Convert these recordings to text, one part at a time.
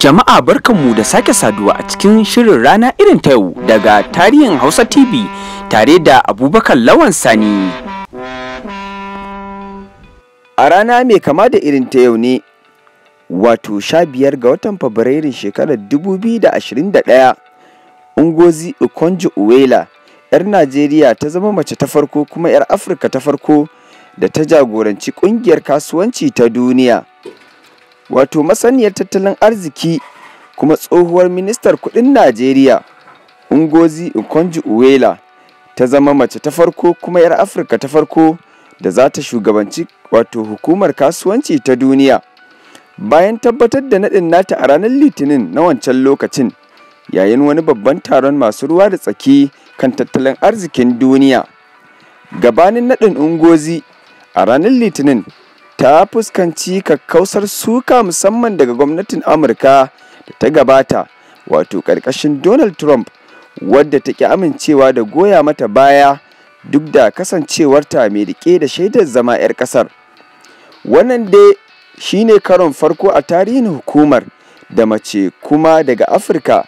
Jama'a barkanmu da sake saduwa a cikin shirin rana irin ta yau daga tarihin Hausa TV tare da Abubakar Lawan Sani. A rana mai kama da irin ta yau ne, wato sha biyar ga watan Fabrairun shekarar 2021, Ungozi Okonjo Uwela, 'yar Najeriya ta zama mace ta farko kuma 'yar Afirka ta farko da ta jagoranci ƙungiyar kasuwanci ta duniya. wato masaniyar tattalin arziki kuma tsohuwar ministar kudin Najeriya Ngozi okonjo uwela ta zama mace ta farko kuma 'yar Afirka ta farko da za ta shugabanci wato hukumar kasuwanci ta duniya. Bayan tabbatar da naɗin nata a ranar Litinin na wancan lokacin yayin wani babban taron masu ruwa da tsaki kan tattalin arzikin duniya. Gabanin naɗin ungozi a ranar Litinin ta fuskanci kakkausar suka musamman daga gwamnatin amurka da ta gabata wato ƙarƙashin donald trump wadda ta ƙi amincewa da goya mata baya duk da kasancewarta mai rike da shaidar zama 'yar ƙasar wannan dai shine karon farko a tarihin hukumar da mace kuma daga afirka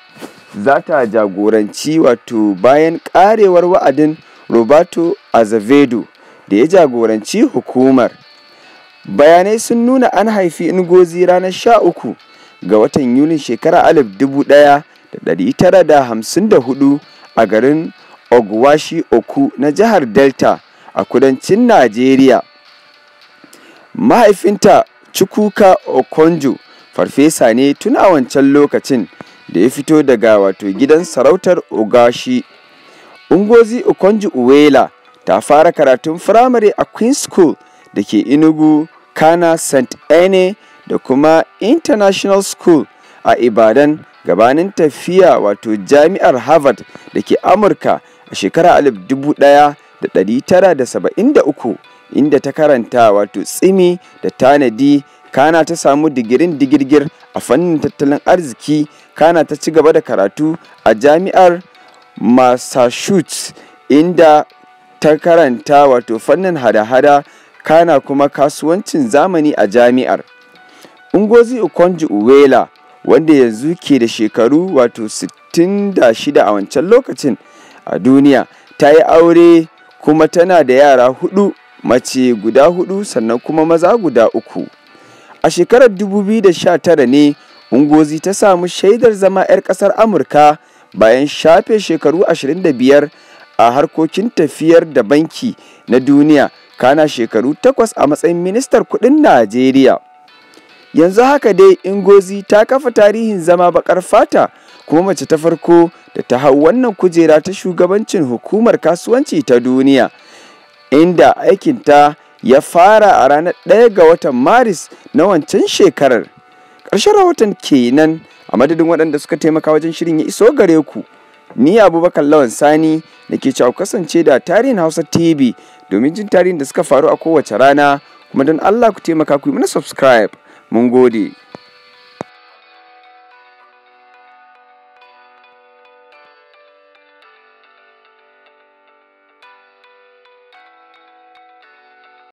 za ta jagoranci wato bayan karewar wa'adin roberto azevedo da ya jagoranci hukumar Bayanai sun nuna an haifi Ngozi ranar sha uku ga watan Yulin shekarar hudu a garin Ogwashi-Oku na jihar Delta a kudancin Najeriya. Mahaifinta Chukwuka Okonjo farfesa ne tun a wancan lokacin da ya fito daga wato gidan sarautar Ogashi. Ungozi Okonjo Uwela ta fara karatun firamare a Queen's School da ke Inugu, Kana St. Ene da kuma International School a Ibadan gabanin tafiya wato Jami'ar Harvard da ke Amurka a shekarar 1973 inda ta karanta wato tsimi da tanadi kana ta samu digirin digirgir a fannin tattalin arziki kana ta ci gaba da karatu a jami'ar massachusetts inda ta karanta wato fannin hada-hada kana kuma kasuwancin zamani a jami'ar. ungozi ukonji uwela wanda yanzu ke da shekaru wato 66 a wancan lokacin a duniya ta yi aure kuma tana da yara hudu mace guda hudu sannan kuma maza guda uku. A shekarar 2019 ne ungozi ta samu shaidar zama 'yar kasar Amurka bayan shafe shekaru 25 a harkokin tafiyar da banki na duniya kana shekaru takwas a matsayin ministar kudin Najeriya. Yanzu haka dai Ingozi ta kafa tarihin zama bakar fata kuma mace ta farko da ta hau wannan kujera ta shugabancin hukumar kasuwanci ta duniya inda aikinta ya fara a ranar ɗaya ga watan Maris na wancan shekarar. Ƙarshen rahoton kenan a madadin waɗanda suka taimaka wajen shirin ya iso gare ku. Ni Abubakar Lawan Sani da ke cewa kasance da tarihin Hausa TV domin jin tarihin da suka faru a kowace rana kuma don Allah ku taimaka ku yi mana subscribe. Mun gode.